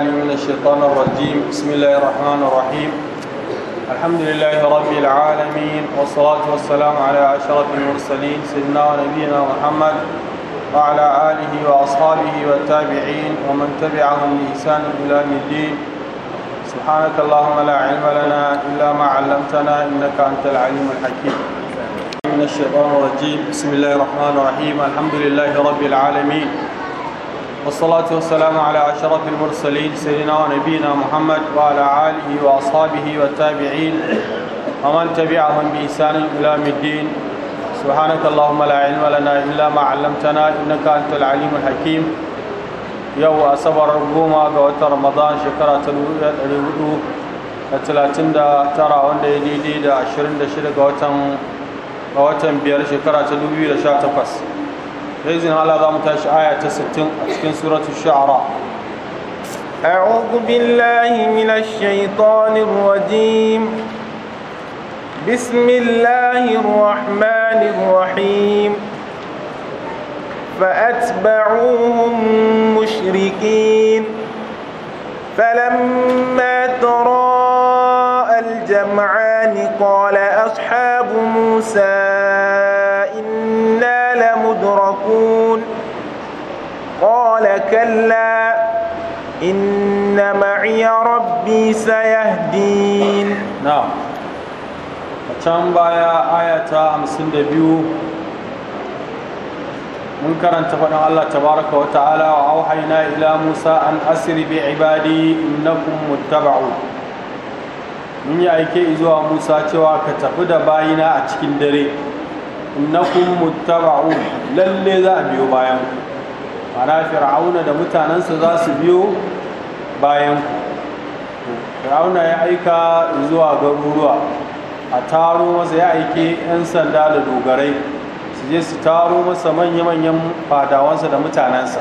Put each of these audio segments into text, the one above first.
بالله من الشيطان الرجيم بسم الله الرحمن الرحيم الحمد لله رب العالمين والصلاة والسلام على عشرة المرسلين سيدنا ونبينا محمد وعلى آله وأصحابه والتابعين ومن تبعهم لإحسان إلى الدين سبحانك اللهم لا علم لنا إلا ما علمتنا إنك أنت العليم الحكيم من الشيطان الرجيم بسم الله الرحمن الرحيم الحمد لله رب العالمين والصلاة والسلام على أشرف المرسلين سيدنا ونبينا محمد وعلى آله وأصحابه والتابعين ومن تبعهم بإحسان إلى الدين سبحانك اللهم لا علم لنا إلا ما علمتنا إنك أنت العليم الحكيم يو أصبر ربما قوت رمضان شكرا الوضوء الثلاثين دا ترى وند دي دا عشرين دا شد قوتم قوتم بيار شكرا تلوئو دا شاتفس da izinin Allah za آية tashi aya سورة 60 أعوذ بالله من الشيطان الرجيم بسم الله الرحمن الرحيم فأتبعوهم مشركين فلما ترى الجمعان قال أصحاب موسى قال كلا إن معي ربي سيهدين نعم can baya aya ta 52 mun karanta faɗin Allah tabaraka wa ta'ala wa auhayna ila Musa an asiri bi ibadi innakum muttaba'u mun yi aike zuwa Musa cewa ka tafi da bayina a cikin dare innakum muttaba'u lalle za a biyo bayan mana fir'auna da mutanensa za su biyo bayan fir'auna ya aika zuwa garuruwa a taro masa ya aike 'yan sanda da dogarai su je su taro masa manya-manyan fadawansa da mutanensa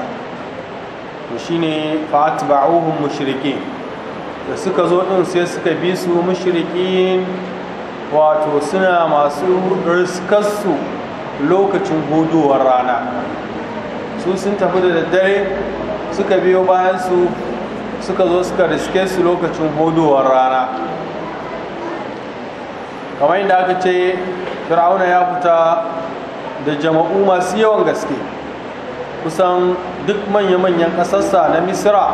to shine fatba'uhum mashirikin da suka zo din sai suka bi su mashirikin wato suna masu riskarsu lokacin hudowar rana su sun tafi da daddare suka biyo bayan su suka zo suka riske su lokacin hodowar rana kamar yadda aka ce fir'auna ya fita da jama'u masu yawan gaske kusan duk manya-manyan ƙasarsa na misira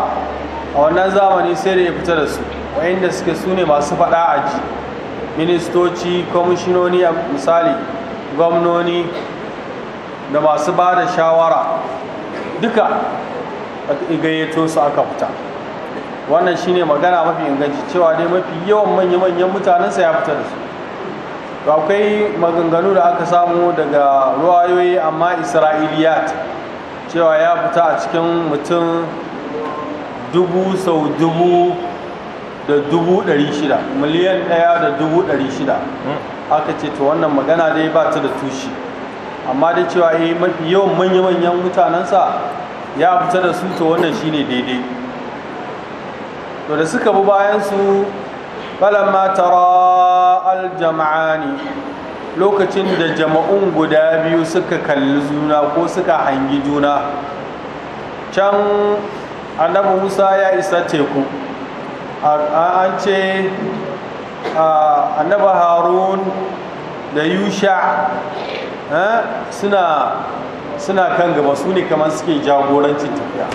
a wannan zamani sai da ya fita da su wayanda suke su ne masu faɗa a ji ministoci kwamishinoni a misali gwamnoni da masu ba da shawara duka gayyato su aka fita wannan shine magana mafi inganci cewa dai mafi yawan manya-manyan sa ya fita da su akwai maganganu da aka samu daga ruwayoyi amma isra'iliyat cewa ya fita a cikin mutum dubu sau dubu da dubu ɗari shida miliyan ɗaya da dubu ɗari shida hmm. aka ce to wannan magana dai ba ta da tushe amma da cewa yi eh, mafi yawan manya-manyan mutanensa ya fita da su to wannan shine daidai to da suka bi bayan su falamma tara ne, lokacin da jama'un guda biyu suka kalli juna ko suka hangi juna can annabi musa ya isa teku an ce annabi harun da yusha suna kan gaba su ne kamar suke jagorancin tafiya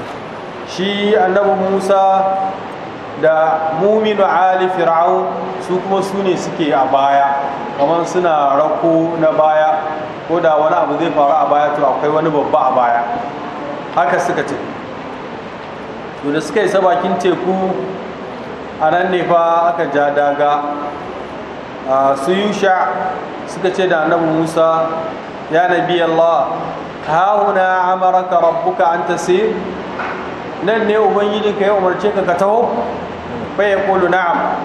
shi annabi musa da muminu ali fir'aun su kuma su ne suke a baya kamar suna rako na baya ko da wani abu zai faru a baya to akwai wani babba a baya haka suka ce to da suka isa bakin teku a nan ne fa aka ja daga Ah, su yusha suka ce da annabi musa ya nabi allah hauna amaraka rabbuka an tasir nan ne ubangijinka ya umarce ka ka taho bai ya kolo na'am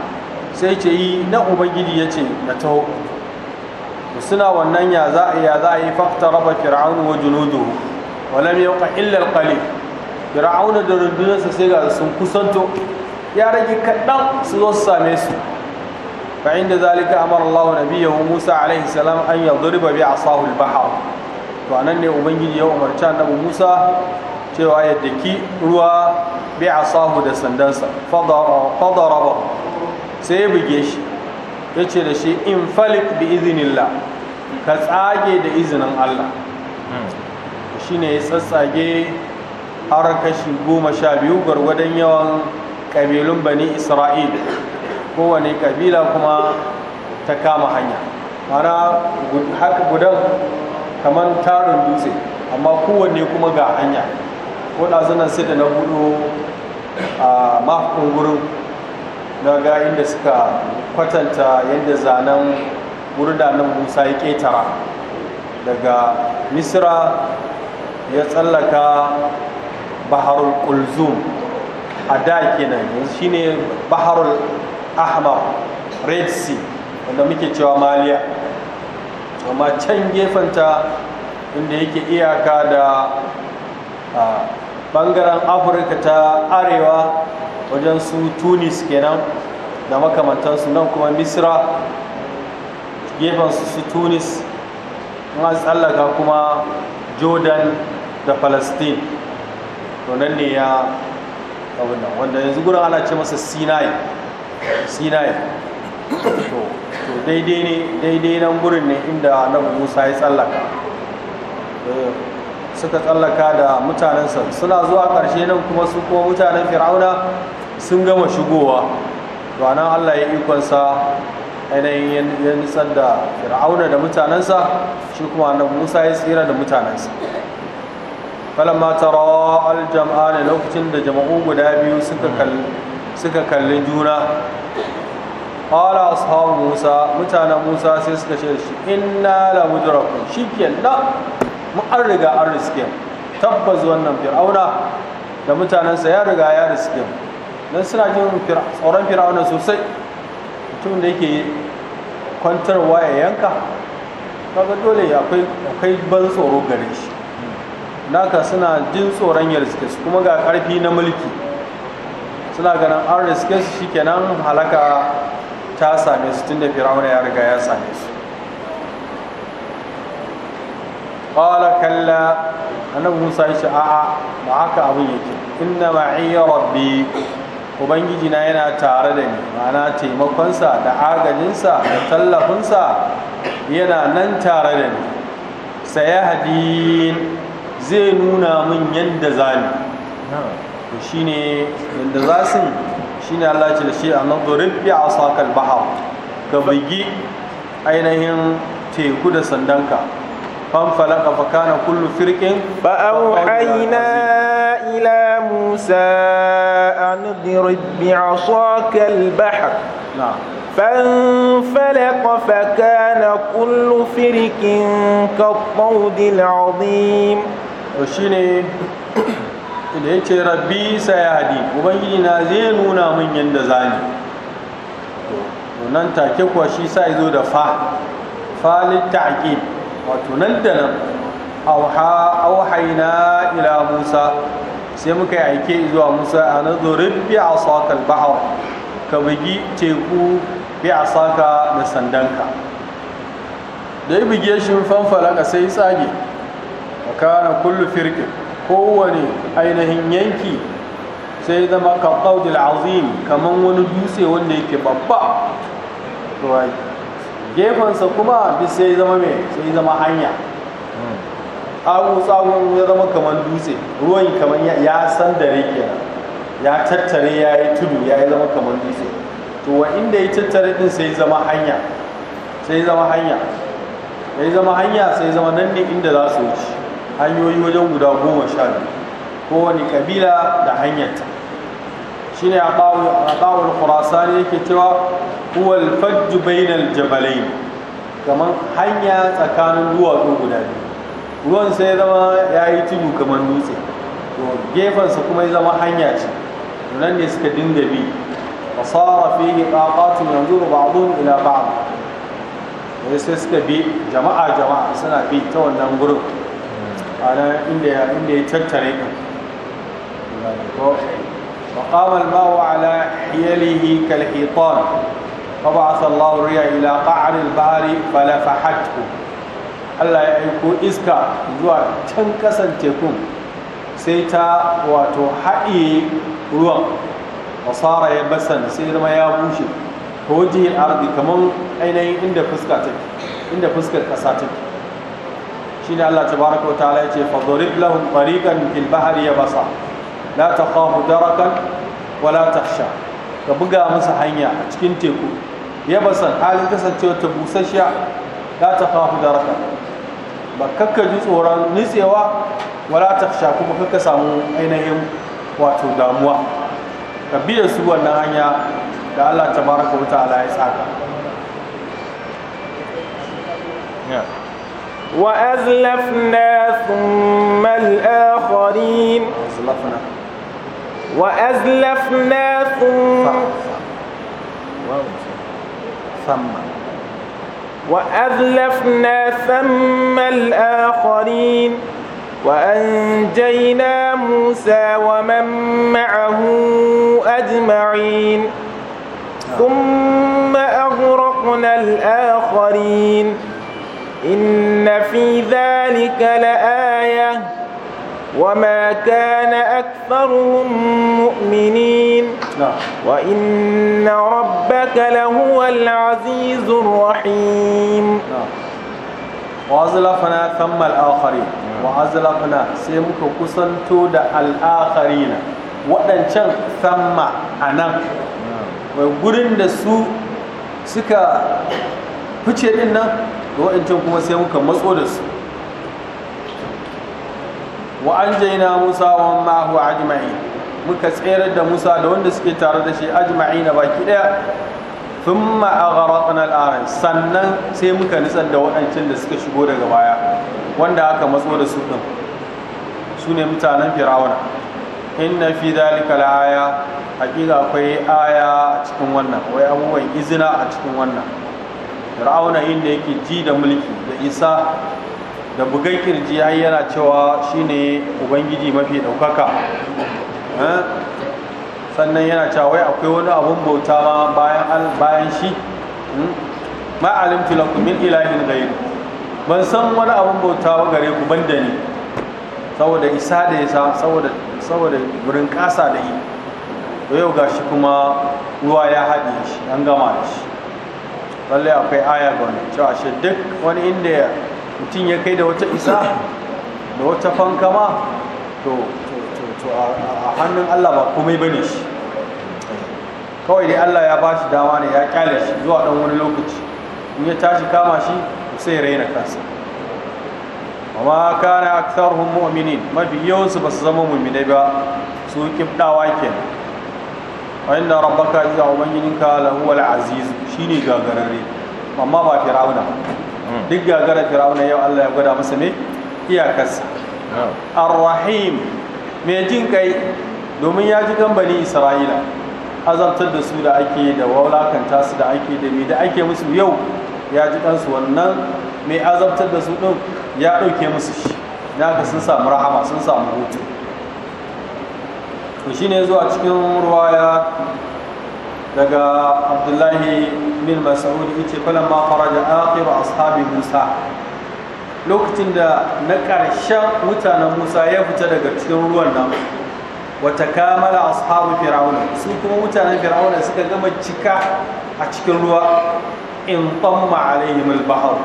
sai ce yi na ubangiji ya ce na taho suna wannan ya za a za a yi fakta raba fir'aunu wa junudu walam mai yauka illar kali fir'aunu da rundunarsa sai ga sun kusanto ya rage kaɗan su zo su same su فعند ذلك أمر الله نبيه موسى عليه السلام أن يضرب بعصاه ne وأنني أبنجي يوم مرتان أبو موسى cewa ya daki ruwa bi a sahu da sandansa fadaraba sai ya buge shi ya ce da shi in falik bi izinillah ka tsage da izinin Allah shi ya tsatsage har kashi goma sha biyu gwargwadon yawan kabilun bani Isra'il. kowane kabila kuma ta kama hanya mana haka gudan kamar tarin dutse amma kowanne kuma ga hanya ko ɗazunan sai da na buɗo a mafin gurin na ga inda suka kwatanta yadda zanen burda na musa ya ƙetara daga Misira ya tsallaka baharul kulzum a da kenan yanzu shine baharul ahmar red sea wanda muke cewa maliya amma can gefenta inda yake iyaka da bangaren afirka ta arewa wajen su tunis kenan da makamantansu nan kuma misra gefensu su tunis kuma tsallaka kuma jordan da palestine to nan ne ya wanda yanzu gurin ana ce masa sinai sinai to daidai ne daidai nan gurin ne inda annabi musa ya tsallaka eh, suka tsallaka da mutanensa suna zuwa ƙarshe nan kuma su kuma mutanen fir'auna sun gama shigowa ranar allah ya ikonsa ainihin ya nisan da fir'auna da mutanensa shi kuma annabi musa ya tsira da mutanensa falamma tara aljam'a ne lokacin da jama'u guda biyu suka kalli suka kalli juna ƙwala ashabu musa mutanen musa sai suka ce shi inna la mudrakun shi mu an riga an riske tabbas wannan fir'auna da mutanensa ya riga ya riske don suna jin tsoron fir'auna sosai mutum da yake kwantarwa ya yanka kaga dole akwai ban tsoro gare shi naka suna jin tsoron ya su kuma ga karfi na mulki suna ganin an riske su shikenan halaka ta same su tunda firawuna ya riga ya same su ƙwala kalla annabi Musa ya sha'a ba haka abin yake inna ma'iyya rabbi ubangiji na yana tare da ni ma'ana taimakonsa da agajinsa da tallafinsa yana nan tare da ni sayahadin zai nuna min yadda zani to shine yanda zasin shine Allah ce da shi a nazarin bi asakal bahar ka bigi ainihin teku da sandanka fanfalaka fa kana kullu firqin fa auhayna ila musa an dirib bi asakal bahr فانفلق فكان كل فرق كالطود العظيم وشيني da ya ce rabbi sayahadi ubangiji na zai nuna min yadda za zani nan take kuwa shi sa zo da fa falin ta'aqib wato nan da nan auhaina ila musa sai muka yi aike zuwa musa a nazorin biya a sakal ba'a ka bugi teku biya a saka da sandanka da ya buge shi fanfala ka sai tsage a kana kullu firkin. kowane ainihin yanki sai zama kaɓaudil azim kamar wani dutse wanda yake babba gefensa kuma duk sai zama mai sai zama hanya tsagun ya zama kamar dutse ruwan kamar ya san da kenan ya tattare ya yi tudu ya yi zama kamar dutse to wa inda ya tattare din sai zama hanya sai zama hanya sai zama hanya sai zama nan ne inda za su wuce hanyoyi wajen guda goma sha biyu kowane kabila da hanyarta shine a ƙawar ne yake cewa huwal fajju bainal jabalai kamar hanya tsakanin duwatsu guda biyu ruwan sai zama ya yi tudu kamar dutse to gefensa kuma ya zama hanya ce nan ne suka dinga bi fasara ƙaƙatun yanzu yanzuru ba'dhum ila ba'd sai suka bi jama'a jama'a suna bi ta wannan gurin ana inda ya inda ya tattare ka wa ala hiyalihi kal hitan fa ba'atha Allah riya ila qa'r al-bahr falafahathu Allah ya aiko iska zuwa can kasan tekun sai ta wato haɗiye ruwan wasara ya basan sai zama ya bushe ta wajen ardi kamar ainihin inda fuska shine Allah tabaraka wa ta'ala yace fadrib lahum tariqan fil bahri yabasa la takhafu darakan wa la takhsha ka buga musu hanya a cikin teku yabasan halin kasancewa ta busasshiya la takhafu darakan ba kakka ji tsoron nitsewa wala takhsha kuma kakka samu ainihin wato damuwa ka biya su wannan hanya da Allah tabaraka wa ta'ala ya tsaka yeah وأزلفنا ثم الآخرين أزلفنا وأزلفنا ثم ثم وأذلفنا ثم الآخرين وأنجينا موسى ومن معه أجمعين ثم أغرقنا الآخرين إن في ذلك لآية وما كان أكثرهم مؤمنين وإن ربك لهو العزيز الرحيم وأزلفنا ثم الآخرين وأزلفنا سيمك كسنتو دا الآخرين waɗancan thamma a nan gurin da su suka fice din nan ga kuma sai muka matso da su wa an jaina musa wa mahu ajma'i muka tserar da musa da wanda suke tare da shi ajma'i na baki daya sun al al'aran sannan sai muka nitsar da waɗancan da suka shigo daga baya wanda aka matso da su din su ne mutanen firawuna inna fi dalika la'aya hakika akwai aya a cikin wannan wai abubuwan izina a cikin wannan fir'auna inda yake ji da mulki da isa da bugai kirji yi yana cewa shine ubangiji mafi ɗaukaka eh? sannan yana cewa wai akwai wani abun bauta ma bayan shi hmm? ma alimtu lakum min ilahin ghayr ban san wani abun bauta ba gare ku banda ni saboda isa da isa saboda saboda wurin kasa da yi yau gashi kuma ruwa ya haɗe shi an gama da shi lallai akwai aya ga wani cewa shi duk wani inda mutum ya kai da wata isa da wata fankama to a hannun allah ba komai ne shi kawai dai allah ya ba shi dama ne ya kyale shi zuwa ɗan wani lokaci in ya tashi kama shi sai raina kansa amma kana hun mu'minin mafi yawansu ba su zama mu'minai ba su kibdawa kenan wa inna rabbaka iza ubangijinka la huwal aziz shine gagarare amma ba fir'auna duk gagara fir'auna yau Allah ya gwada masa ne iyakarsa ar-rahim mai jin kai domin ya ji kan isra'ila azabtar da su da ake da wulakanta su da ake da me da ake musu yau ya ji kansu wannan mai azabtar da su din ya ɗauke musu shi na sun samu rahama sun samu hutu to shine zuwa cikin ruwaya daga abdullahi bin mas'ud yace mafara da akhiru ashabi musa lokacin da na ƙarshen mutanen musa ya fita daga cikin ruwan nan wata kamala ashabu fir'auna su kuma mutanen fir'auna suka gama cika a cikin ruwa in tamma alaihim al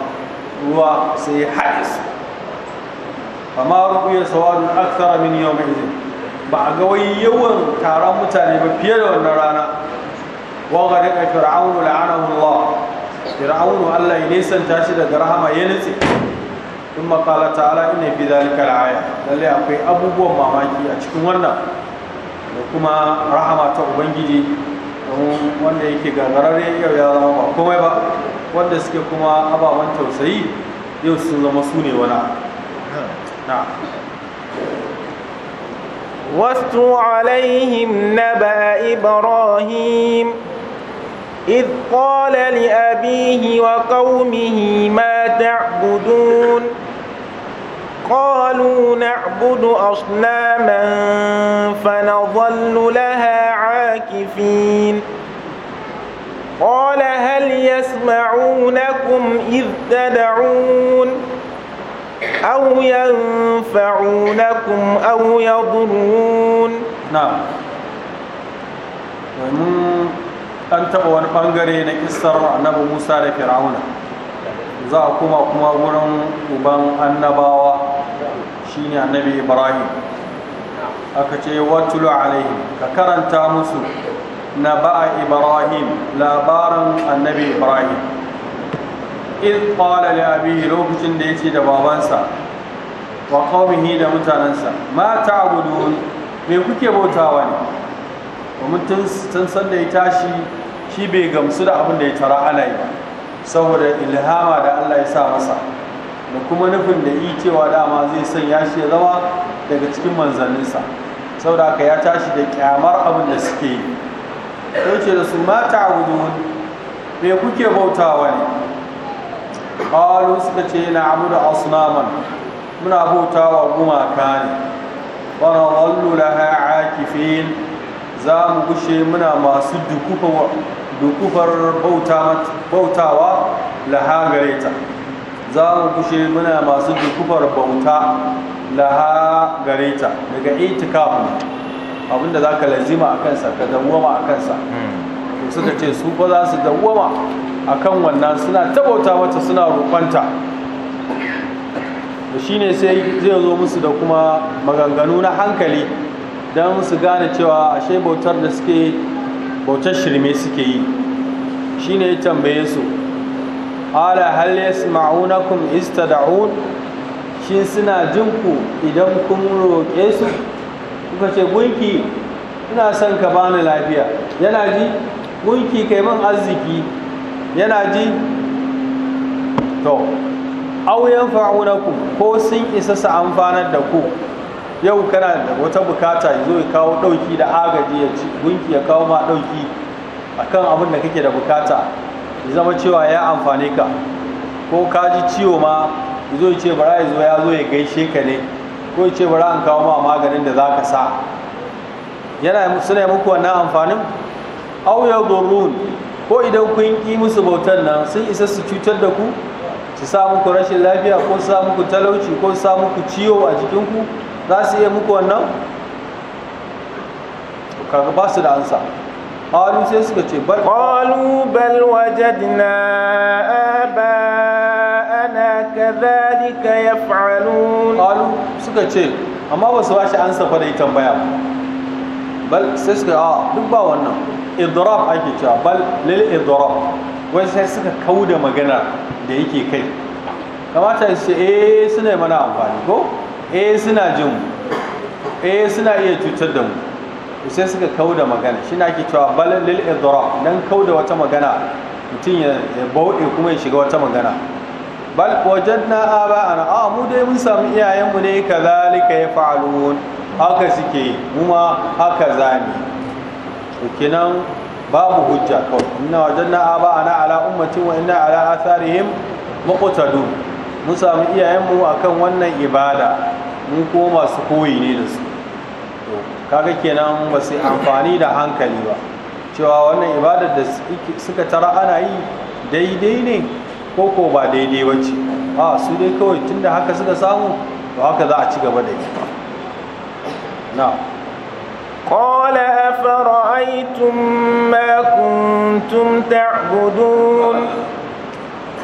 ruwa sai ya haɗe su amma sawadun akthara min yawmin ba a ga wai yawan taron mutane ba fiye da wannan rana wa ga ka fir'aunu la'anahu Allah fir'aunu Allah ya nisanta shi daga rahama ya nutse in makala ta'ala ina fi zalika aya. lalle akwai abubuwan mamaki a cikin wannan da kuma rahama ta ubangiji wanda yake gagararre yau ya zama ba komai ba wanda suke kuma ababen tausayi yau sun zama sune ne wani na واتل عليهم نبأ إبراهيم إذ قال لأبيه وقومه ما تعبدون قالوا نعبد أصناما فنظل لها عاكفين قال هل يسمعونكم إذ تدعون أو ينفعونكم أو يضرون نعم ومن an taɓa wani ɓangare na kisar annabi musa da fir'auna za a kuma kuma wurin uban annabawa shine annabi ibrahim aka ce watulu alaihim ka karanta musu na ba'a ibrahim labarin annabi ibrahim iz qala li abihi lokacin da yace da babansa wa qaumihi da mutanansa ma ta'budun me kuke bautawa ne domin tun san da ya tashi shi bai gamsu da abin da ya tara ana yi saboda ilhama da Allah ya sa masa da kuma nufin da yi cewa dama zai sanya shi ya zama daga cikin manzanninsa saboda haka ya tashi da kyamar abin da suke yi sai ce da su ma ta'budun me kuke bautawa ne qalu suka ce na da asnaman muna bautawa gumaka ne wa nadallu laha akifin za mu gushe muna masu dukufar bautawa laha gare ta za mu gushe muna masu dukufar bauta laha gare ta daga itikafu abinda za ka lazima a kansa ka dawwama a kansa suka ce su ba za su dawwama akan wannan suna tabauta mata suna roƙonta da shine sai zai zo musu da kuma maganganu na hankali don su gane cewa ashe bautar da suke bautar shirme suke yi shine ya tambaye su ala ista da istad'un shi suna jin idan kun roƙe su kuka ce gunki ina son ka bani lafiya yana ji gunki kai man arziki yana ji to fa'una ku ko sun isa su amfanar da ku yau kana da wata bukata zo ya kawo ɗauki da agaji ya ci gunki ya kawo ma ɗauki akan abin da kake da bukata ya zama cewa ya amfane ka ko ka ji ciwo ma zo ya ce bara ya zo ya zo ya gaishe ka ne ko ya ce bara an kawo ma maganin da za ka sa yana suna muku wannan amfanin au ya ko idan kun yi musu bautan nan sun isa su cutar da ku su sa muku rashin lafiya ko su sa muku talauci ko su sa muku ciwo a jikinku za su iya muku wannan kaga ba su da ansa qalu sai suka ce bal qalu bal wajadna aba ana kadhalika yaf'alun qalu suka ce amma ba su washi ansa fa dai tambaya bal sai suka a duk ba wannan idrab ake cewa bal lil idrab wai sai suka kauda magana da yake kai kamata su eh suna mana amfani ko eh suna jin mu eh suna iya cutar da mu sai suka kauda magana shi na ake cewa bal lil idrab dan kauda wata magana mutum ya bauɗe kuma ya shiga wata magana bal wajadna aba ana a ah, mu dai mun samu iyayenmu ne kazalika yaf'alun haka suke mu ma haka zani kenan babu hujja to inna wajanna aba ana ala ummati wa inna ala atharihim muqtadu mu samu iyayenmu akan wannan ibada mun ko masu koyi ne da su to kaga kenan ba yi amfani da hankali ba cewa wannan ibada da suka tara ana yi daidai ne ko ko ba daidai ba ce a su dai kawai tunda haka suka samu to haka za a ci gaba da ita na قال أفرأيتم ما كنتم تعبدون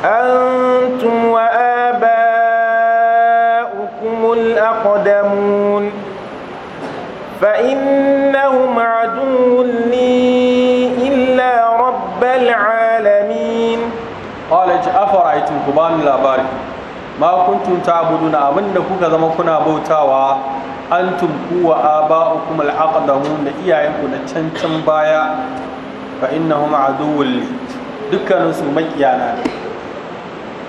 أنتم وآباؤكم الأقدمون فإنهم عدو لي إلا رب العالمين قال أفرأيتم كبان بارك ما كنتم تعبدون أمنكم كذا ما كنا بوتاوا antum kuwa aba'ukum al-aqdamun da iyayenku na cancan baya fa innahum aduwwul li dukkanin su makiyana ne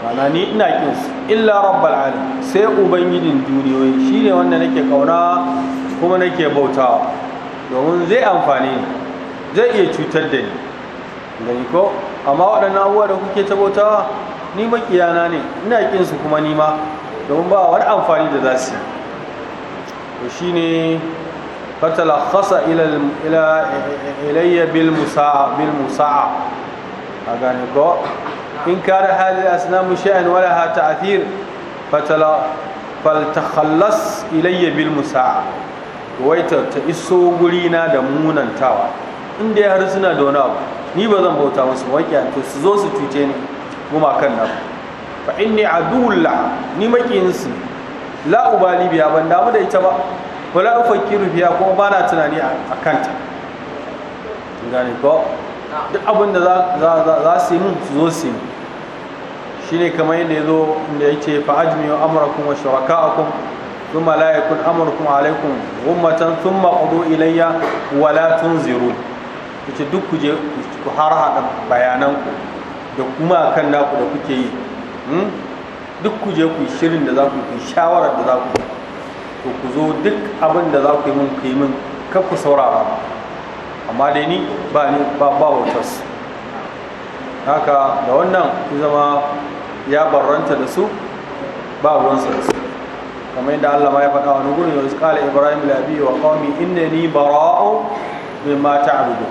mana ni ina kin su illa rabbal alamin sai ubangijin duniyoyi shine wanda nake kauna kuma nake bautawa domin zai amfani zai iya cutar da ni gani ko amma waɗannan abubuwa da kuke ta bautawa ni makiyana ne ina kin su kuma nima, ma domin ba wani amfani da za su yi to shine fatalakhasa ila ila ilayya bil musa'a bil musa'a agane ko in hali a asnamu sha'an wala ha ta'athir fatala faltakhallas ilayya bil musa'a waita ta iso guri na da munantawa inda ya har suna da wani abu ni ba zan bauta musu wakiya to su zo su cuce ni gumakan nan fa inni adulla ni makiyinsu la ubali biya ban damu da ita ba wala ufakiru biya kuma ba na tunani a kanta gane ko duk abin da za su yi mun su zo su yi shine kamar yadda ya zo inda ya ce fa wa amurakun wa shuraka'akum thumma la yakun amrukum alaykum sun thumma qudu ilayya tun tun tunzirun ce duk kuje ku har haɗa bayanan da kuma kan naku da kuke yi hmm? duk ku je ku shirin da za ku yi shawarar da za ku yi to ku zo duk abin da za ku yi min kai yi min kar ku saurara amma dai ni ba ni ba ba wutas haka da wannan ku zama ya barranta da su ba ruwan su kamar yadda Allah ma ya faɗa wani gurin yanzu kala Ibrahim labi wa qaumi innani bara'u mimma ta'budu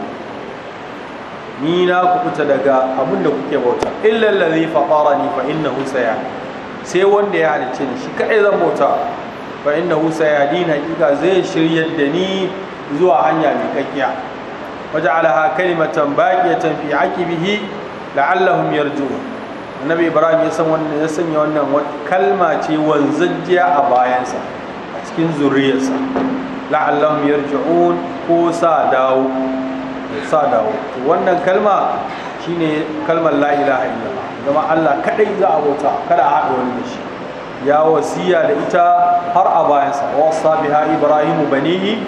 ni na ku fita daga abin da kuke bauta illa allazi ni fa innahu sayahdi sai wanda ya halice ni shi kaɗai zan bauta fa inda husa ya dina ƙiƙa zai shiryar da ni zuwa hanya mai kakkiya waje alaha kalimatan baqiyatan fi aqibihi la'allahum yarjun annabi ibrahim ya san wannan ya sanya wannan kalma ce wanzajjiya a bayansa a cikin zuriyarsa la'allahum yarji'un ko sa dawo wannan kalma shine kalmar la ilaha illallah zama Allah kadai za a bauta kada a haɗa wani da shi ya wasiya da ita har a bayansa wasa biha ibrahimu banihi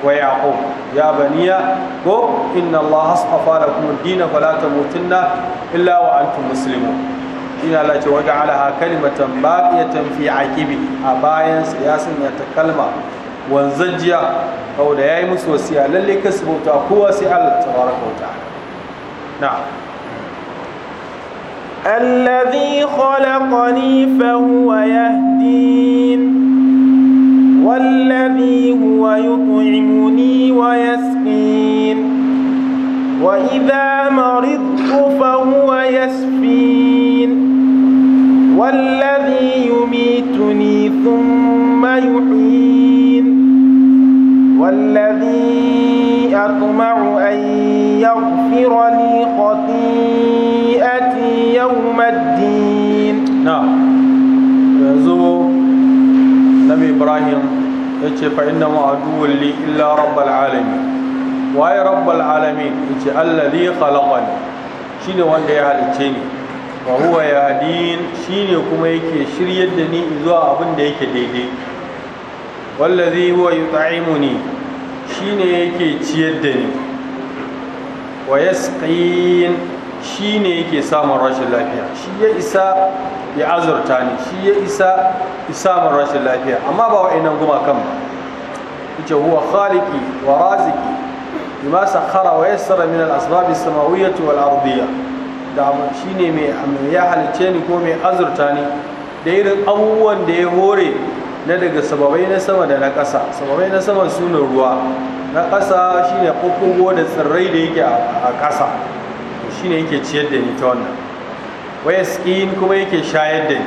wa yaqub ya baniya ko inna Allah astafa lakum ad fala tamutunna illa wa antum muslimun ina la ce waje alaha kalimatan baqiyatan fi aqibi a bayan ya sanya ta kalma wanzajjiya kawai da yayi musu wasiya lalle kasu bauta kowa sai Allah tabaraka wa ta'ala na'am الذي خلقني فهو يهدين yace fa inna ma aduwwan li illa rabbal alamin waye rabbal alamin yace alladhi khalaqani shine wanda ya halicce ni wa huwa yahdin shine kuma yake shiryar da ni zuwa abin da yake daidai wallazi huwa yut'imuni shine yake ciyar da ni wa yasqin shine yake samun rashin lafiya shi ya isa ya azurta ni shi ya isa samun rashin lafiya amma ba wa'annan gumakan ba kuce huwa khaliqi wa raziqi bima sakhara wa yassara min al-asbab as samawiyyah wal ardiyyah da shine mai ya halice ni ko mai azurta ni da irin abubuwan da ya hore na daga sababai na sama da na ƙasa sababai na sama suna ruwa na ƙasa shine kokogo da tsirrai da yake a ƙasa shine yake ciyar da ni ta wannan waya kuma yake shayar da ni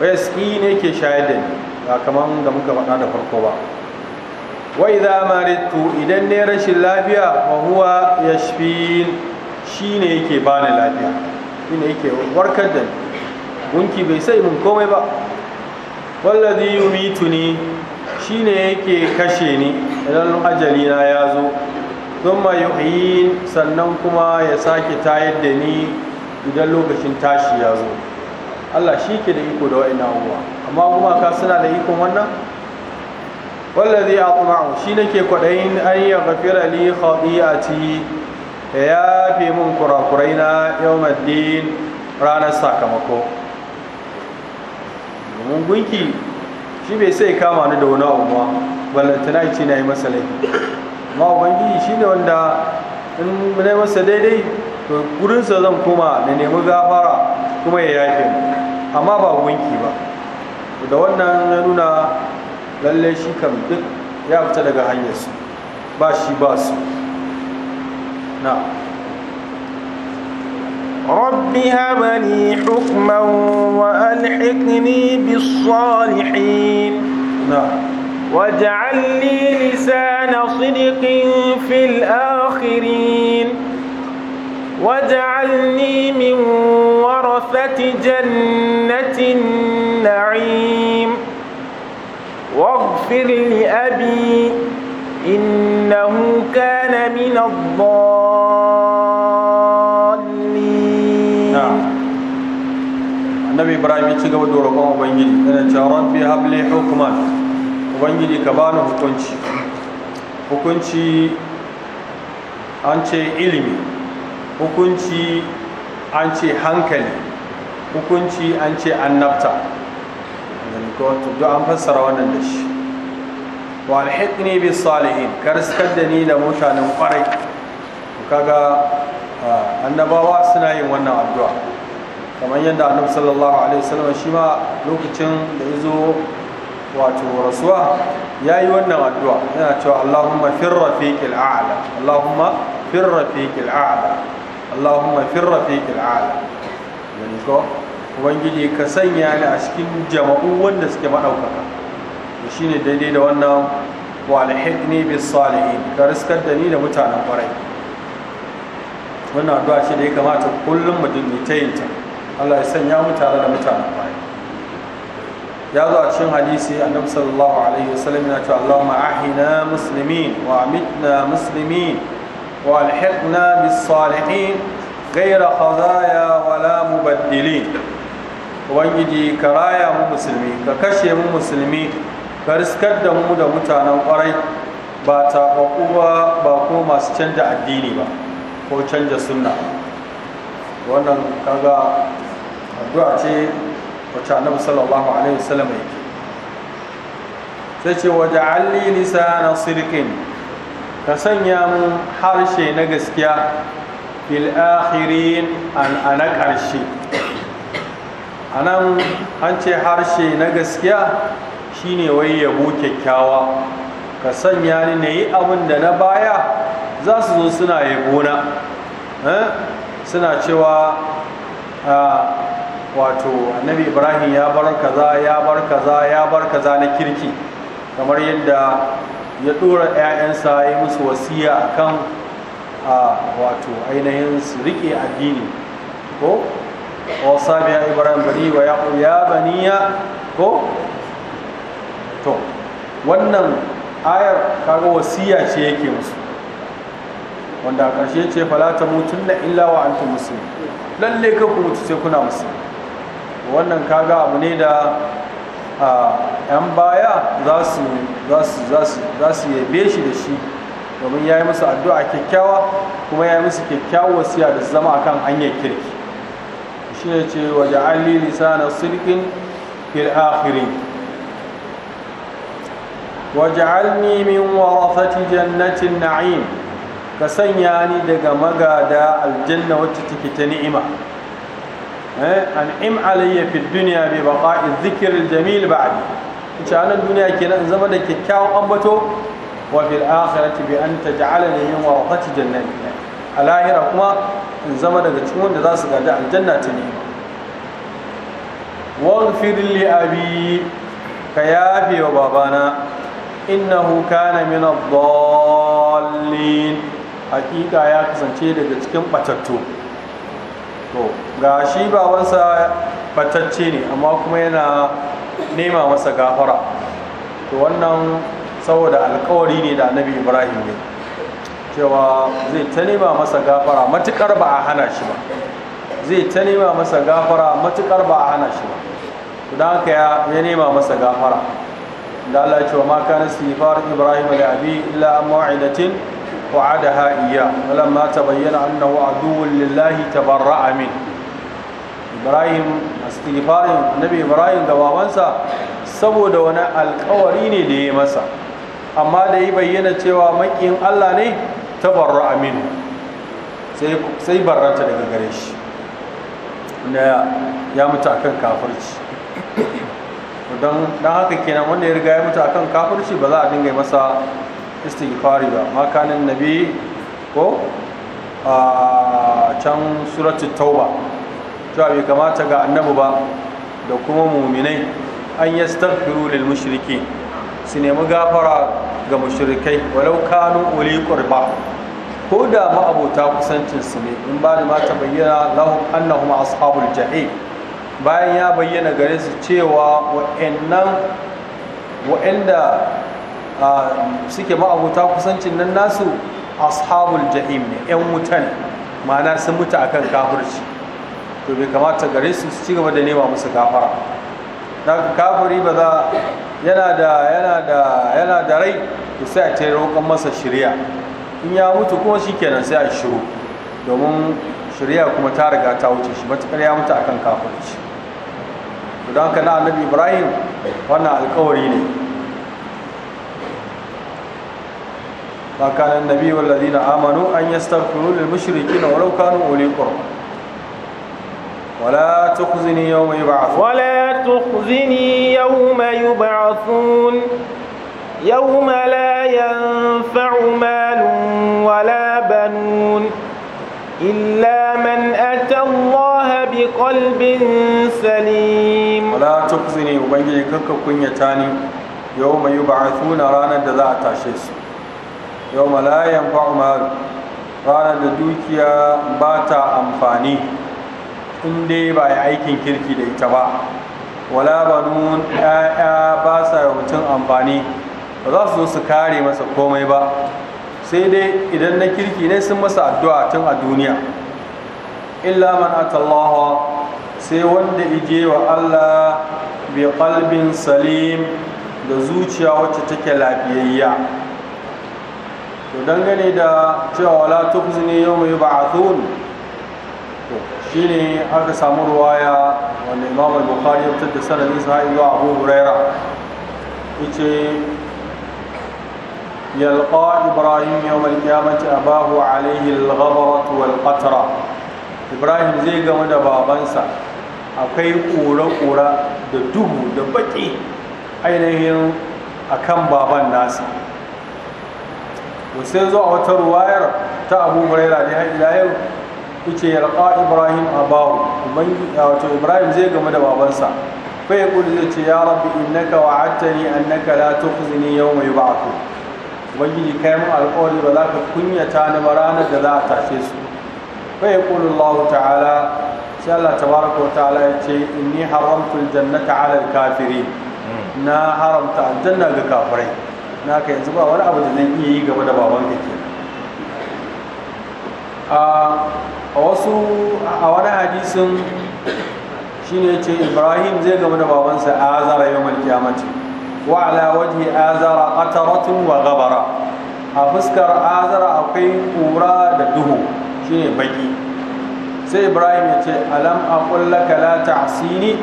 wayaskin yake shayar da ni ba kaman da muka faɗa da farko ba wa idza maritu idan ne rashin lafiya wa huwa yashfin shine yake bani lafiya shine yake warkar da gunki bai sai mun komai ba wallazi yumituni shine yake kashe ni idan ajali na ya zo thumma yuhyin sannan kuma ya sake tayar da ni idan lokacin tashi ya zo Allah shi ke da iko da wa'ina abubuwa amma kuma ka suna da ikon wannan wallazi atma'u shi nake kwaɗayin an yi yaghfira a khati'ati ya fi mun kurakurai na yawmaddin ranar sakamako domin gunki shi bai sai kama ni da wani abu ba ballantana ce na yi masa laifi amma ubangiji shi ne wanda in na yi masa daidai to gurinsa zan koma na nemi gafara kuma ya yafe amma ba gunki ba da wannan ya nuna lalle shi kam duk ya fita daga su ba shi ba su na رب هب حكما وألحقني بالصالحين واجعل لي لسان صدق في الآخرين واجعلني من ورثة جنة نعيم واغفر لأبي إنه كان من الضالين نعم النبي إبراهيم يتشغب دور قوم وبنجلي أنا جاران في هبلي حكما وبنجلي كبانه حكمشي حكمشي an ce ilimi hukunci an ce hankali hukunci an ce annabta gani ko duk an fassara wannan da shi wa alhiqni bis salihin ka riskar da ni da mutanen kwarai kaga annabawa suna yin wannan addu'a kamar yadda annabi sallallahu alaihi wasallam shi ma lokacin da yazo wato rasuwa yayi wannan addu'a yana cewa Allahumma firrafiqil a'la Allahumma firrafiqil a'la Allahumma firrafiqil a'la yani ko ubangiji ka sanya ni a cikin jama'u wanda suke maɗaukaka shi ne daidai da wannan wa alhidni bis salihin ka riskar da ni da mutanen ƙwarai wannan addu'a ce da ya kamata kullum mutum ne ta yin ta Allah ya sanya mu tare da mutanen ƙwarai ya zo a cikin hadisi annabi sallallahu alaihi wasallam yana cewa Allahumma ahina muslimin wa amitna muslimin wa alhiqna bis salihin غير خزايا ولا مبدلين ubangiji ka raya mu musulmi ka kashe mu musulmi ka riskar da mu da mutanen kwarai ba ta ba ba ko masu canja addini ba ko canja sunna wannan kaga addu'a ce wacce annabi sallallahu alaihi wasallam yake sai ce waje alli lisana sirkin ka sanya mu harshe na gaskiya bil akhirin an ana ƙarshe a nan an ce harshe na gaskiya shine wai yabo kyakkyawa ka sanya ni na yi abin da na baya za su zo suna yabo na? Eh? suna cewa ah, wato annabi ibrahim ya bar kaza ya bar kaza ya bar kaza na kirki kamar yadda ya dora 'ya'yansa ya yi musu wasiya akan ah, wato ainihin su rike addini ko wasa biya ibrahim bani wa yaqub ya baniya ko to wannan ayar kaga wasiya ce yake musu wanda a ƙarshe ce falata ta mutunna illa wa antum muslim lalle ka ku mutu sai kuna musulmi wannan kaga abu ne da yan baya za su yabe shi da shi domin ya yi musu addu'a kyakkyawa kuma ya yi musu kyakkyawar wasiya da zama akan hanyar kirki shi ne ce waje alli lisanar sirkin fil akhiri waje alni min warafati jannatin na'im ka sanya ni daga magada aljanna wacce take ta ni'ima eh, an'im alayya fi duniya bi baqa'i dhikr jamil ba'di ita nan duniya ke in zama da kyakkyawan ambato wa fil akhirati bi an taj'alani min warafati jannatin na'im a lahira kuma in zama daga cikin wanda za su gaji aljanna ta ne waghfir li abi ka yafe wa babana inna huka min mina dallin hakika ya kasance daga cikin batattu ga shi babansa batacce ne amma kuma yana nema masa gafara to wannan saboda alkawari ne da annabi ibrahim ne cewa zai ta nema masa gafara matukar ba a hana shi ba zai ta nema masa gafara matukar ba a hana shi ba to haka ya nema masa gafara da Allah ya ce wa ma kana sifar Ibrahim da abi illa an maw'idatin wa'adaha iyya walamma tabayyana annahu aduwwun lillahi tabarra amin Ibrahim istighfarin Nabi Ibrahim da babansa saboda wani alkawari ne da ya masa amma da ya bayyana cewa makin Allah ne tabarra amin sai barranta daga gare shi wanda ya mutu akan kafirci don haka kenan wanda ya riga ya mutu akan kafirci ba za a dinga masa istighfari ba makanin nabi ko a can suratun tauba cewa bai kamata ga annabi ba da kuma muminai an yastaghfiru lil mushrikin su nemi gafara ga mushrikai walau kanu uli qurba ko da ma'abota kusancinsu ne in ba da ma ta bayyana lahum annahum ashabul jahim bayan ya bayyana gare su cewa wa'annan suke ma'abota kusancin nan nasu ashabul jahim ne yan wutan ma'ana sun mutu akan kafirci to bai kamata gare su su ci gaba da nema musu gafara kafiri ba za yana da yana da yana da rai to sai a ta roƙon masa shirya in ya mutu kuma shi kenan sai a shiru domin shirya kuma ta riga ta wuce shi matuƙar ya mutu akan kafirci to don haka na annabi ibrahim wannan alƙawari ne ba kana na wallazina amanu an yastaghfiru lil mushrikeena walau kanu uli qurba ولا تخزني يوم يبعثون ولا تخزني يوم يبعثون يوم لا ينفع مال ولا بنون إلا من أتى الله بقلب سليم ولا تخزني وبنجي كك كنيتاني يوم يبعثون رانا دزا تاشيس يوم لا ينفع مال رانا دوكيا باتا أمفاني in dai ba ya aikin kirki da ita ba wala banun ya'ya ba sa mutum amfani ba za su zo su kare masa komai ba sai dai idan na kirki ne sun masa addu'a tun a duniya illa man atallaha sai wanda ije wa Allah bi qalbin salim da zuciya wacce take lafiyayya to dangane da cewa wala tukhzini yawma yub'athun shine aka samu ruwaya wanda imam al-bukhari ya fitar da sanadin sa zuwa abu huraira yace yalqa ibrahim yawm al-qiyamati abahu alayhi al-ghabarat wal qatra ibrahim zai gama da babansa akwai kura-kura da duhu da baki ainihin akan baban nasa wasu yanzu a wata ruwayar ta abu huraira ne har ila yau yace yalqa ibrahim abahu ubangi wato ibrahim zai game da babansa fa yaqulu zai ce ya rabbi innaka wa'adtani annaka la tukhzini yawma yub'athu ubangiji kai mun alƙawari ba za ka kunyata ni ba ranar da za a tashe su fa yaqulu allah ta'ala sai allah tabaraka wa ta'ala yace inni haramtu aljannata 'ala alkafirin na haramta aljanna ga kafirai naka yanzu ba wani abu da zan iya yi game da babanka ke. a a wasu a wani hadisin shine ce ibrahim zai gama da babansa azara yau mai kyamaci wa ala wajhi azara qataratun wa gabara a fuskar azara akwai kura da duhu shine baki sai ibrahim ya ce alam aqul laka la ta'sini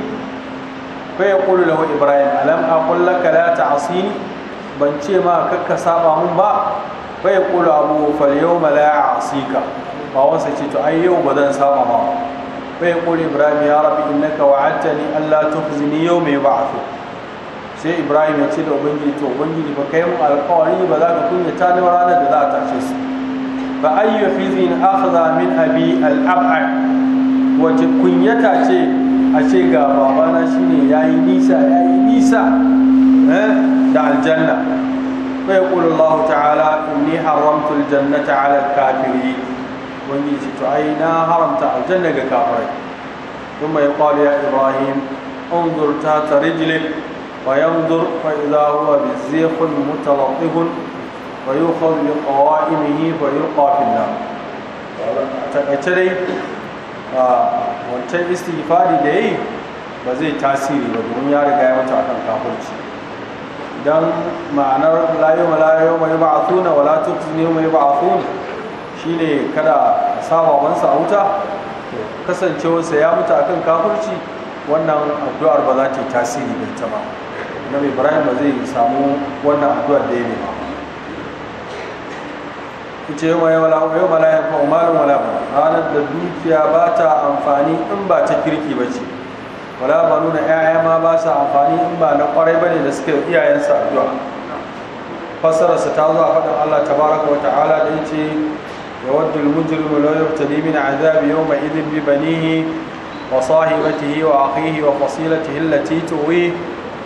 fa yaqulu lahu ibrahim alam aqul laka la ta'sini ban ce ma kakka saba mun ba ya yaqulu abu fal yawma a a'sika bawansa ce to ai yau ba zan saba ma fa yaqul ibrahim ya rabbi innaka wa'adtani alla tukhzini yawma yub'athu sai ibrahim ya ce da ubangiji to ubangiji ba kai mu alƙawari ba za ka ta ni ranar da za a tashe su fa ayyu hizin akhadha min abi al-ab'ad wace kunyata ce a ce ga babana shine yayi nisa yayi nisa eh, da aljanna fa yaqulu allah ta'ala inni haramtu al-jannata 'ala al-kafirin ubangiji to ai na haramta aljanna ga kafirai kuma ya kwali ya ibrahim انظر تحت رجلك فينظر فإذا هو بزيق متلطف فيؤخذ بقوائمه فيلقى في النار takaice dai wancan istighfari da yi ba zai tasiri ba Don ya riga ya mutu akan kafirci Dan ma'anar layo ma layo mai ba'athuna mai ba'athuna shine kada sawawansa a wuta kasancewarsa ya mutu akan kafurci. wannan addu'ar ba za ta yi tasiri da ita ba annabi ibrahim ba zai samu wannan addu'ar da ya ba. ita yau mai wala yau mala ya fa umarin wala ba ranar da dukiya ba ta amfani in ba ta kirki ba ce wala ba nuna 'ya'ya ma ba sa amfani in ba na kwarai ba ne da suka yi iyayensa addu'a fassararsa ta zuwa a faɗin allah tabaraka wa ta'ala da ya ce يود المجرم لو يبتلي من عذاب يومئذ ببنيه وصاحبته وأخيه وفصيلته التي تؤويه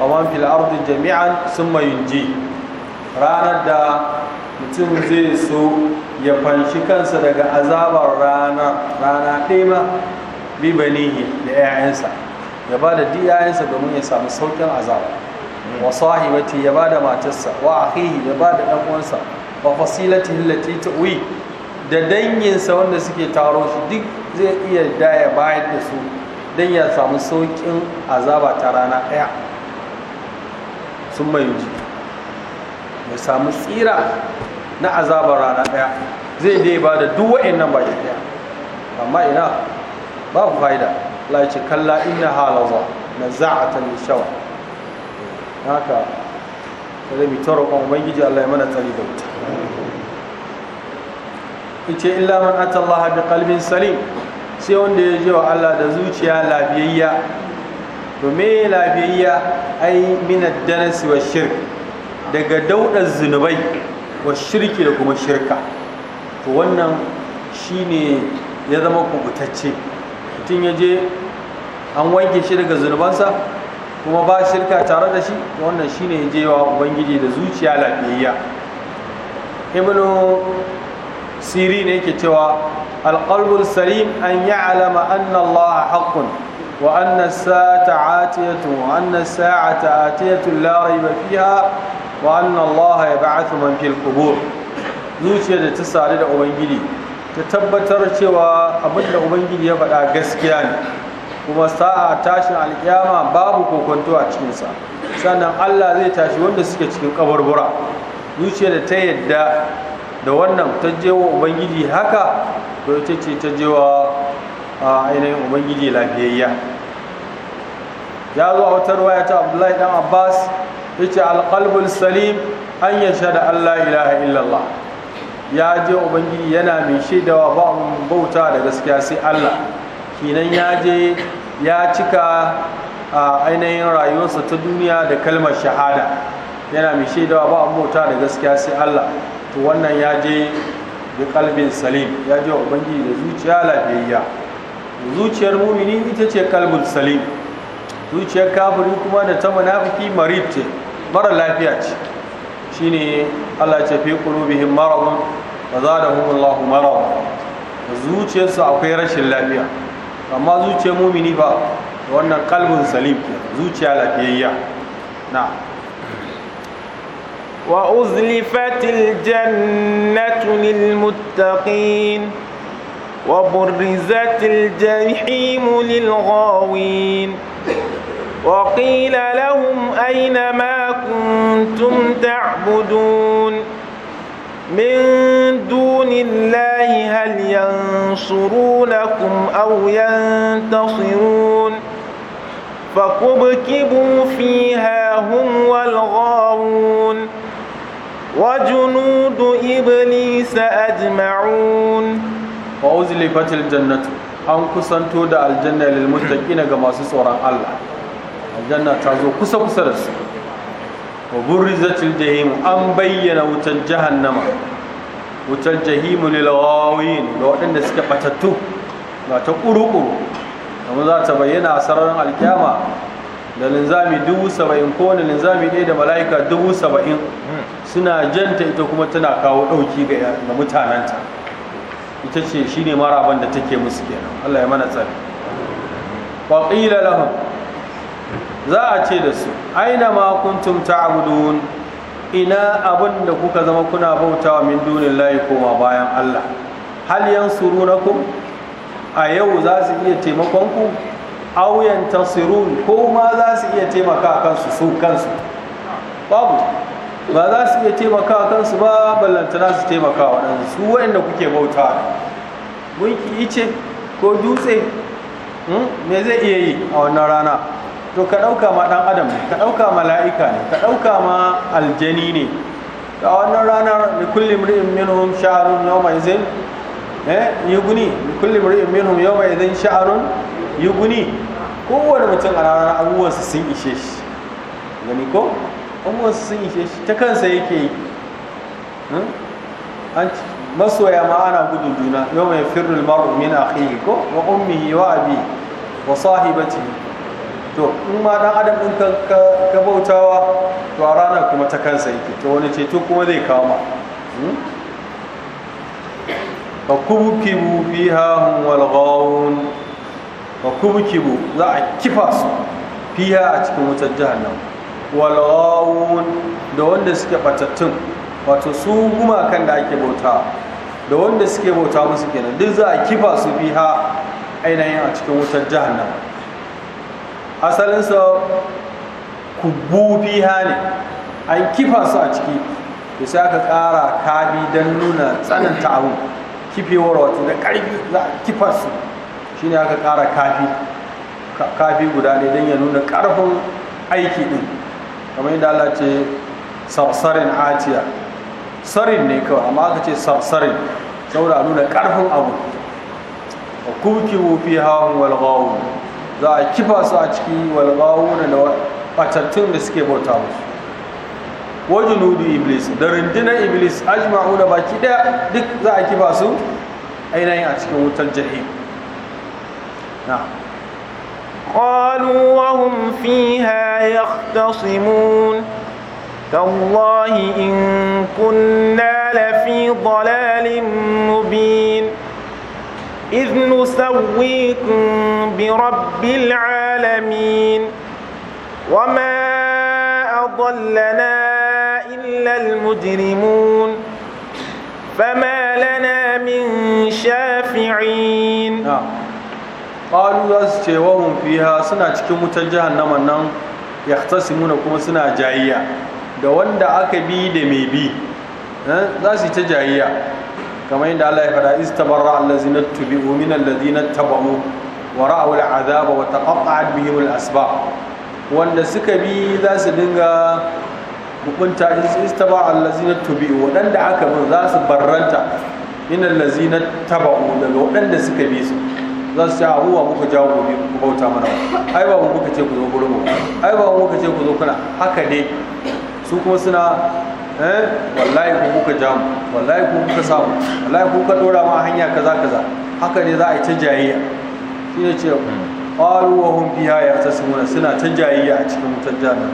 ومن في الأرض جميعا ثم ينجيه ranar da mutum zai so ya fanshi kansa daga azabar rana rana ɗema bibanihi da 'ya'yansa ya ba da diyayensa domin ya samu saukin azaba wa sahibati ya ba da matarsa da danginsa wanda suke taro shi duk zai iya daya bayar da su don ya samu sauƙin azaba ta rana ɗaya sun mai yuji ya samu tsira na azaba rana ɗaya zai dai ba da duk wa'annan baki ɗaya amma ina babu fa'ida laici kalla ina halawa na za'atan shawa haka da zai mitar ubangiji Allah ya mana tsari da wuta ce illa man ata Allah bi qalbin salim sai wanda ya je wa Allah da zuciya lafiyayya to me lafiyayya ai min ad-danas wa shirk daga daudar zunubai wa shirki da kuma shirka to wannan shine ya zama kubutacce mutum ya je an wanke shi daga zunubansa kuma ba shirka tare da shi wannan shine ya je wa ubangiji da zuciya lafiyayya ibnu siri ne yake cewa alqalbul salim an ya'lama anna allaha haƙƙun wa anna as-sa'ata tun wa anna as fiha wa anna allaha yab'athu man fil zuciya da ta sare da ubangiji ta tabbatar cewa abinda ubangiji ya faɗa gaskiya ne kuma sa'a tashin alkiyama babu kokonto a cikinsa sannan allah zai tashi wanda suke cikin kabarbura zuciya da ta yadda da wannan ta je wa ubangiji haka ko ta ce ta je wa ainihin ubangiji lafiyayya ya zo a wata ruwaya ta abdullahi dan abbas ya ce alƙalbul salim an ya da allah ilaha illallah ya je ubangiji yana mai shaidawa ba bauta da gaskiya sai allah kinan ya je ya cika a ainihin rayuwarsa ta duniya da kalmar shahada yana mai shaidawa ba bauta da gaskiya sai allah to wannan ya je da kalbin salim ya je wa ubangiji da zuciya lafiyayya zuciyar mumini ita ce kalbin salim zuciyar kafiri kuma da ta munafiki marit mara lafiya ce shine Allah ce fi qulubihim maradun wa zadahum Allahu marad zuciyarsu akwai rashin lafiya amma zuciyar mumini ba wannan kalbin salim zuciya lafiyayya na'am وأزلفت الجنة للمتقين وبرزت الجحيم للغاوين وقيل لهم أين ما كنتم تعبدون من دون الله هل ينصرونكم أو ينتصرون فكبكبوا فيها هم والغاوون وجنود إبليس أجمعون وأزلفت الجنة an kusanto da aljanna lil muttaqina ga masu tsoron Allah aljanna ta zo kusa kusa da su wa burrizatil jahim an bayyana wutar jahannama wutar jahim lil wawin ga waɗanda suke batattu ga ta kurukuru kuma za ta bayyana a sararin da linzami dubu saba'in ko wani linzami ɗaya da mala'ika dubu saba'in suna janta ita kuma tana kawo ɗauki ga mutananta ita ce shi ne maraban da take musu kenan allah ya mana tsari lahun za a ce da su aina ma ta ta'budun ina abin da kuka zama kuna bautawa min dunin layi koma bayan allah hal ku a yau za su iya taimakon ku auyan tasirun ko ma za su iya taimaka kansu su kansu babu ba za su iya taimaka kansu ba ballantana su taimaka waɗansu su waɗanda kuke bauta ki ice ko dutse hmm? me zai iya yi a wannan rana to ka ɗauka ma ɗan adam ne ka ɗauka mala'ika ne ka ɗauka ma aljani ne a wannan ranar da kullum ri'in minhum sha'arun yau mai zai eh? yi guni da kullum ri'in minhum yau mai zai sha'arun yi guni kowane mutum a ranar abubuwansa sun ishe shi gani ko wasu sun yi shi ta kansa yake yi hmm? masoya ma ana gudun juna yau mai firul maru min akhihi ko wa ummihi wa abi wa sahibatihi to in ma dan adam din ka bautawa to a ranar kuma ta kansa yake to wani ce ceto kuma zai kama kawo ma فكبكبوا za a والغاوون فكبكبوا ذا كفاس فيها أتكم وتجهنم walawun da wanda suke batattun wato su gumakan da ake bauta da wanda suke bauta musu kenan duk za a kifa su ha ainihin a cikin wutar jahannam asalinsa kubbu ha ne an kifa su a ciki da sai aka kara kabi don nuna tsananta abu kifewar wato da karfi za a kifa su shine aka ƙara kafi kafi guda ne don ya nuna ƙarfin aiki din kamar yadda Allah ce sarsarin atiya sarin ne kawai amma aka ce sarsarin saboda nuna karfin abu a kuki wufi hawan walgawu za a kifa su a ciki walgawu da batattun da suke bauta musu wajen nudu iblis da rundunar iblis ajma'u da baki daya duk za a kifa su ainihin a cikin wutar jirgin na قالوا وهم فيها يختصمون تالله إن كنا لفي ضلال مبين إذ نسويكم برب العالمين وما أضلنا إلا المجرمون فما لنا من شافعين نعم. qalu za su ce wa hum fiha suna cikin wutar jahannama nan yahtasimuna kuma suna jayiya. da wanda aka bi da mai bi za su ta jayiya kamar yadda Allah ya faɗa istabarra allazina tubi'u min allazina tabu wa ra'u al'azaba wa taqatta'at bihim al'asbab wanda suka bi za su dinga hukunta istaba allazina tubi'u waɗanda aka bi za su barranta min allazina tabu daga waɗanda suka bi su zan su a huwa muka jawo gobe ku bauta mana ai ba mu muka ce ku zo gurin mu ai ba mu muka ce ku zo kana haka ne su kuma suna eh wallahi ku muka jamu wallahi ku muka samu wallahi ku ka dora ma hanya kaza kaza haka ne za a yi ta jayayya shi ne ce qalu wa hum ya yahtasimuna suna ta jayayya a cikin wutar jahannam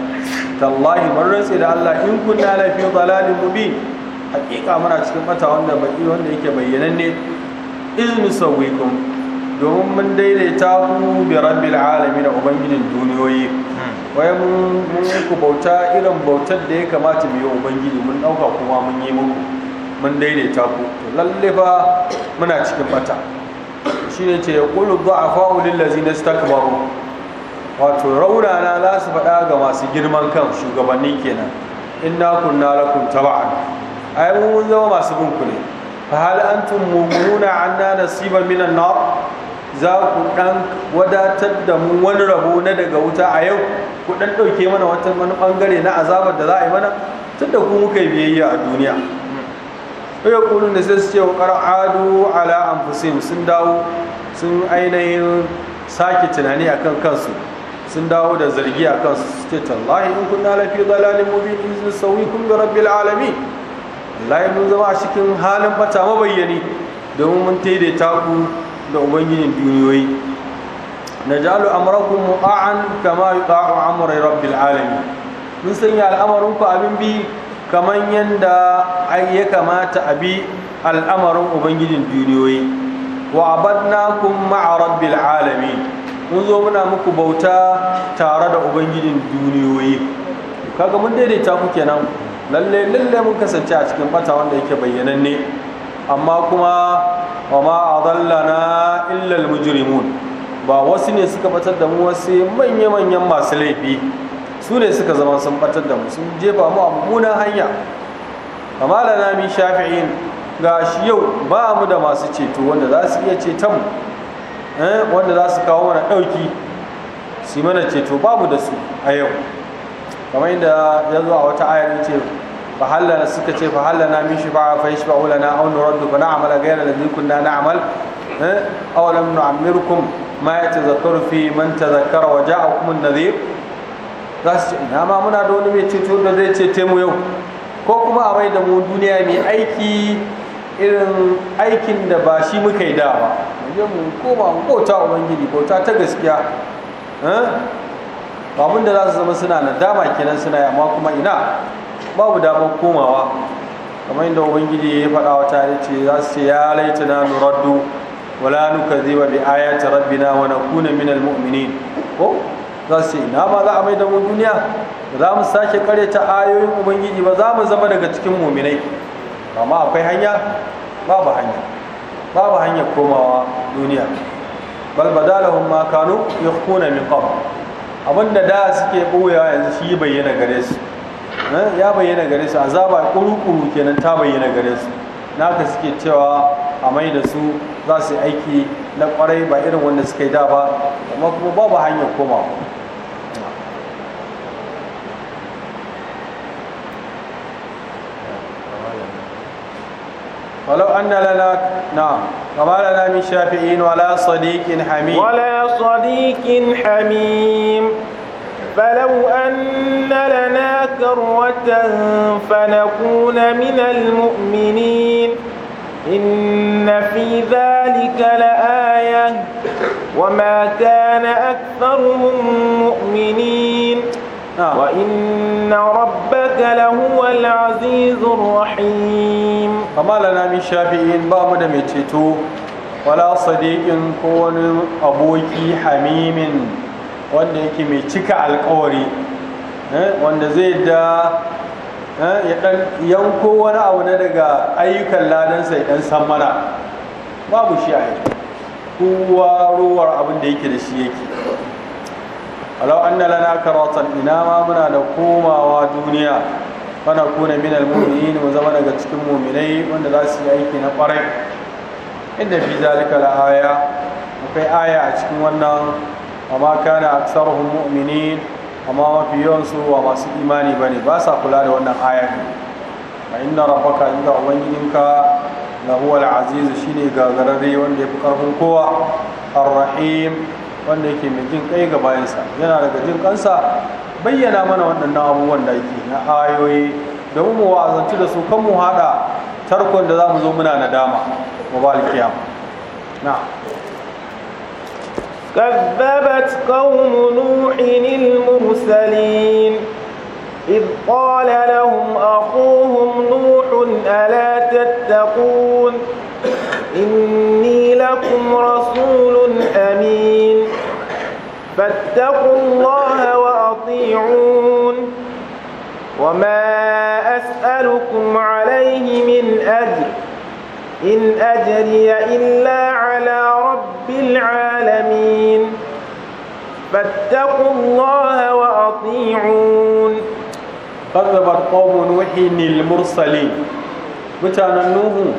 tallahi mun rantsi da Allah in kunna la fi dalalin mubin hakika muna cikin mata wanda bai wanda yake bayyananne izmi sawikum domin mun daidaita ku bi rabbil alamin ubangijin duniyoyi hmm. wai mun ku bauta irin bautar da ya kamata mu yi ubangiji mun dauka kuma mun yi muku mun daidaita ku lalle fa muna cikin bata shine ce qulu du'afa lil ladzina istakbaru wato raunana za su faɗa ga masu girman kan shugabanni kenan in inna kunna lakum a ai mun zama masu bin ku ne fa hal antum mumununa anna nasiba minan na. za ku ɗan wadatar da mu wani rabo na daga wuta a yau ku ɗan ɗauke mana wata wani ɓangare na azabar da za a yi mana tun da ku muka yi biyayya a duniya ya ƙunin da sai su ce adu ala amfusim sun dawo sun ainihin sake tunani akan kansu sun dawo da zargi a kansu su ce tallahi in na lafi dalalin in sun sauyi kun ga rabbi alamin layi mun zama a cikin halin bata mabayyani domin mun taidaita ku da ubangijin duniyoyi na jalu amrakum mu'a'an kama rabbil alami mun sanya al'amarin ku abin bi kamar yadda ya kamata abi al'amarin ubangijin duniyoyi wa kun ma'a rabbil alami mun zo muna muku bauta tare da ubangijin duniyoyi kaga mun daidaita ku kenan lalle lalle mun kasance a cikin bata wanda yake bayyananne amma kuma wa ma na illa almujrimun ba wasu ne suka batar da mu wasu manya-manyan masu laifi su ne suka zama sun batar da mu sun jefa mu a mummunan hanya amma da nami shafi'in ga shi yau ba mu da masu ceto wanda za su iya ceton eh, wanda za su kawo mana ɗauki su yi mana ceto babu da su a yau kamar yadda ya zo a wata ayar ce fahallana suka ce fahallana min shifa'a fa yashfa'u lana aw nuraddu fa na'mala ghayra alladhi kunna na'mal aw lam nu'ammirkum ma yatazakkaru fi man tazakkara wa ja'akum an-nadhir za su ce ina ma muna da wani mai cutu da zai cece mu yau ko kuma a mai da mu duniya mai aiki irin aikin da ba shi muka yi dawa? ba mu mu koma mu bauta ubangiji bauta ta gaskiya Ba mun da za su zama suna nadama kenan suna yamma kuma ina babu damar komawa kamar inda ubangiji ya faɗa wata ya ce za su ce ya laita na nuraddu wala nuka ziba bi ayati rabbina wa nakuna minal mu'minin ko za su ce ina ma za a mai da mu duniya ba za mu sake karyata ayoyin ubangiji ba za mu zama daga cikin muminai amma akwai hanya babu hanya babu hanyar komawa duniya bal badalahum ma kanu yakhuna min qabl abinda da suke boyewa yanzu shi bayyana gare su Eh, ya bayyana gare su azaba kuru-kuru kenan ta bayyana gare su naka suke cewa a mai da su za su aiki na kwarai ba irin wanda suka yi da ba amma kuma babu hanyar koma ولو أن لنا نعم وما لنا من شافعين ولا صديق حميم ولا صديق حميم فلو أن لنا كرة فنكون من المؤمنين إن في ذلك لآية وما كان أكثرهم مؤمنين آه. وإن ربك لهو العزيز الرحيم فما لنا من شافعين بامنا ميتيتو ولا صديق كون أبوك حميم wanda yake mai cika alkawari eh, wanda zai da eh, ya dan yanko wani abu na daga ayyukan ladansa ya dan san mana babu shi a yi kowa ruwar abin da yake da shi yake walau an na lana karatan ina ma muna da komawa duniya mana kuna min almu'minin mu zama daga cikin mu'minai wanda za su yi aiki na kwarai inda fi zalika la aya akwai aya a cikin wannan amma kana aksarhum mu'minin amma mafi yawansu ba masu imani bane ba sa kula da wannan aya ne fa inna rabbaka inda ubangijinka la huwa al-aziz shine gagararre wanda yafi karfin kowa ar-rahim wanda yake mai jin kai ga bayansa yana daga jin kansa bayyana mana waɗannan abubuwan da yake na ayoyi da mu wa'azantu da su kan mu hada tarkon da za mu zo muna nadama wa ba al na'am كذبت قوم نوح المرسلين إذ قال لهم أخوهم نوح ألا تتقون إني لكم رسول أمين فاتقوا الله وأطيعون وما أسألكم عليه من أجر إن أجري إلا على رب رب العالمين فاتقوا الله وأطيعون كذبت قوم نوح المرسلين mutanen nuhu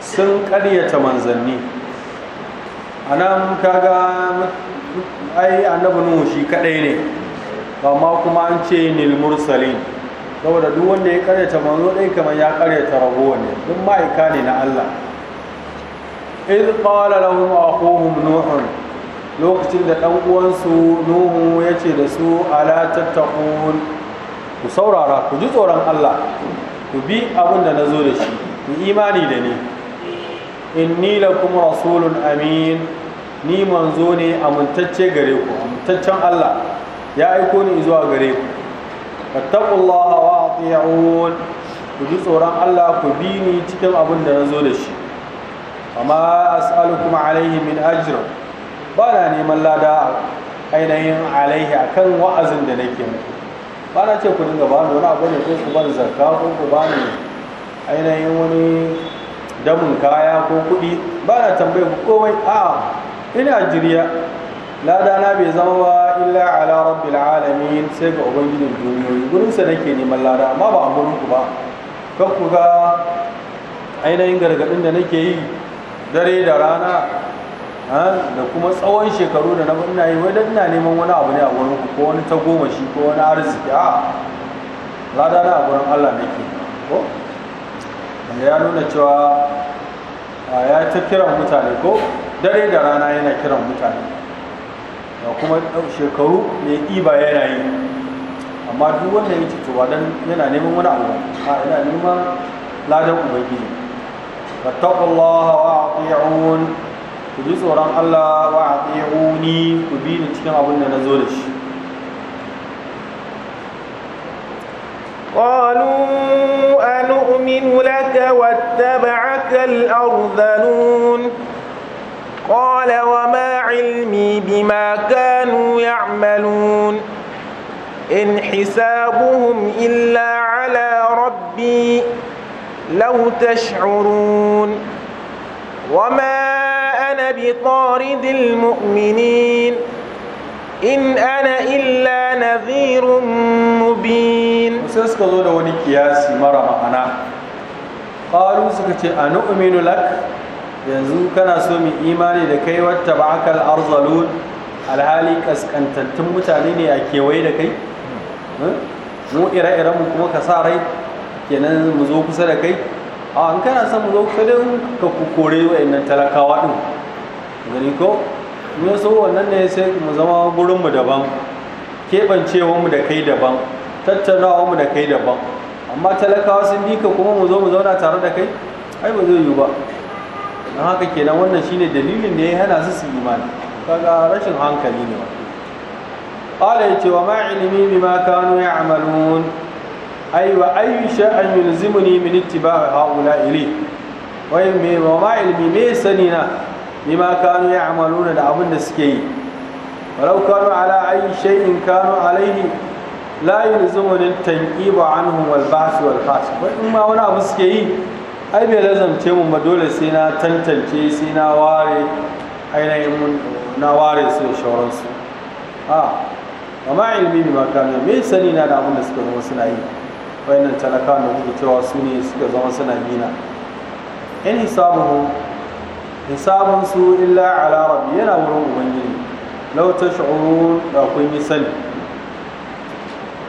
sun karyata manzanni a nan kaga ai annabi nuhu shi kadai كما أنشين المرسلين saboda duk wanda ya karyata manzo ɗai kamar ya karyata ragowa ne duk ma'aika ne na allah إذ قال لهم أخوهم نوح lokacin da ɗan uwansu nuhu ya ce da su ala tattakun saurara ku ji tsoron allah ku bi abin da na zo da shi ku imani da ni inni lakum rasulun amin ni manzo ne amintacce gare ku amintaccen allah ya aiko ni zuwa gare ku fattaqullaha wa ati'un ku ji tsoron allah ku bi ni cikin abin da na zo da shi amma as'alukum alaihi min ajr ba na neman lada ainihin alaihi akan wa'azin da nake muku ba na ce ku dinga ba wani abu ne ko ku bar zakka ko ku ba ni ainihin wani damun kaya ko kuɗi ba na tambaye ku komai a ina jiriya lada na bai zama ba illa ala rabbil alamin sai ga ubangijin duniyoyi gurin sa nake neman lada amma ba a gurin ba kan ku ga ainihin gargadin da nake yi dare da rana da kuma tsawon shekaru da na ina yi wadda ina neman wani abu ne a wurin ku ko wani ta goma shi ko wani arziki a lada na wurin Allah na ke, ko wanda ya nuna cewa ya ta kiran mutane ko dare da rana yana kiran mutane da kuma shekaru ne iba yana yi amma duk wanda ya yi to dan yana neman wani abu a yana neman ladan ubangiji فاتقوا الله وأطيعون كجي سوران الله وأطيعوني كبين تكن أبونا نزولش قالوا أنؤمن لك واتبعك الأرذلون قال وما علمي بما كانوا يعملون إن حسابهم إلا على ربي لو تشعرون وما أنا بطارد المؤمنين in ana illa nadhirun mubin sai suka zo da wani kiyasi mara ma'ana qalu suka ce anu'minu lak yanzu kana so mu imani da kai wata ba'akal arzalu? alhali kaskantattun mutane ne a kewaye da kai mu ire-iren mu kuma ka sa rai kenan mu zo kusa da kai a an kana son mu zo kusa da ka kore wa'annan talakawa din gani ko mu so wannan ne sai mu zama gurin mu daban keɓancewar mu da kai daban tattaunawar mu da kai daban amma talakawa sun bi ka kuma mu zo mu zauna tare da kai ai ba zai yiwu ba don haka kenan wannan shine dalilin da ya hana su su imani kaga rashin hankali ne wa ya ce wa ma ilimi bima kanu ya'malun ai wa ayu sha'an yulzimuni min ittiba'i haula ili wai me ma ilmi me sani na bima kanu ya'maluna da abin da suke yi walau kanu ala ayi shay'in kanu alaihi la yulzimuni tanqibu anhum wal ba'th wal fash wai in ma wani abu suke yi ai bai lazamce mu ba dole sai na tantance sai na ware ainihin mun na ware su da shauransu a amma ilmi bima kanu me sani na da abin da suka zama suna yi wayannan talakawa da kuke cewa su ne suka zama suna bina in hisabuhu hisabun su illa ala rabbi yana wurin ubangiji law tash'urun da kun yi sani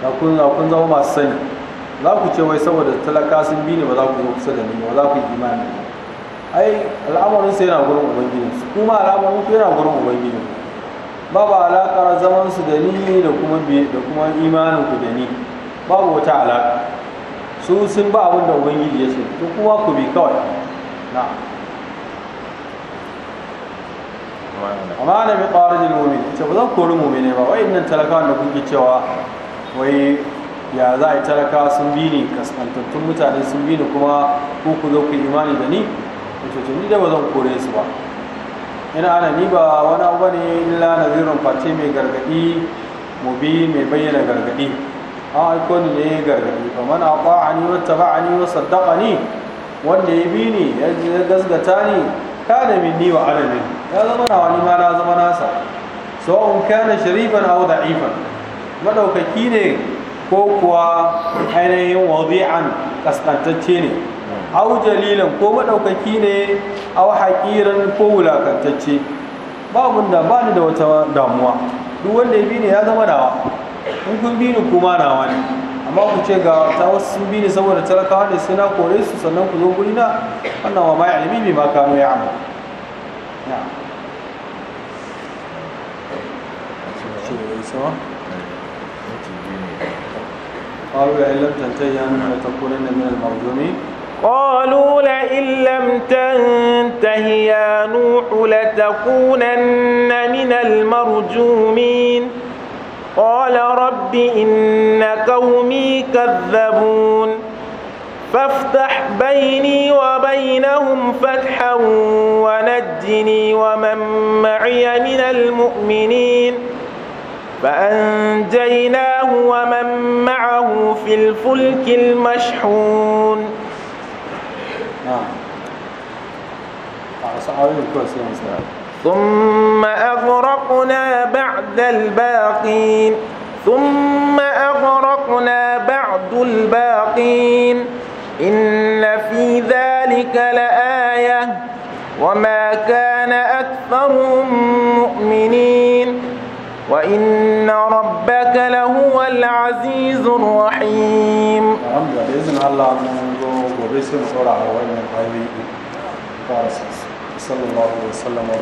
da kun da kun zama masu sani za ku ce wai saboda talaka sun bi ne ba za ku zo kusa da ni ba za ku yi imani ai al'amarin sai yana gurin ubangiji su kuma al'amarin ku yana gurin ubangiji babu alaƙar zaman su da ni da kuma da kuma imanin ku da ni babu wata alaƙa su sun ba abin da ubangiji ya ce to kowa ku bi kawai na amma na bi ƙwarar ce ba zan kori ne ba wai nan talaka da kuke cewa wai ya za a yi talaka sun bi ni kaskantattun mutane sun bi ni kuma ku ku zo ku imani da ni to ce ni da ba zan kore su ba ina ana ni ba wani abu ne illa nazirin face mai gargadi bi mai bayyana gargadi an aiko ni ne gargadi fa man ata'ani wa taba'ani wa ni? wanda ya bi ni ya gasgata ni min minni wa alamin ya zama na wani ma na zama nasa in kana sharifan da ifan madaukaki ne ko kuwa ainihin wadi'an kaskantacce ne Hau jalilan ko maɗaukaki ne au haqiran ko wulakantacce babun da ba ni da wata damuwa duk wanda ya bi ne ya zama dawa in kun bi ni kuma nawa ne amma ku ce ga ta wasu sun bi ni saboda talakawa ne sai na kore su sannan ku zo guri na wannan wa ma ilimi bi ma kano ya amma قالوا لئن لم تنتهي أن تكونن من المرجومين قالوا لئن لم تنته يا نوح لتكونن من المرجومين قال رب إن قومي كذبون فافتح بيني وبينهم فتحا ونجني ومن معي من المؤمنين فأنجيناه ومن معه في الفلك المشحون نعم. ثم أغرقنا بعد الباقين ثم أغرقنا بعد الباقين إن في ذلك لآية وما كان أكثرهم مؤمنين وإن ربك لهو العزيز الرحيم بإذن الله منذ قريس قرع وإن صلى الله عليه وسلم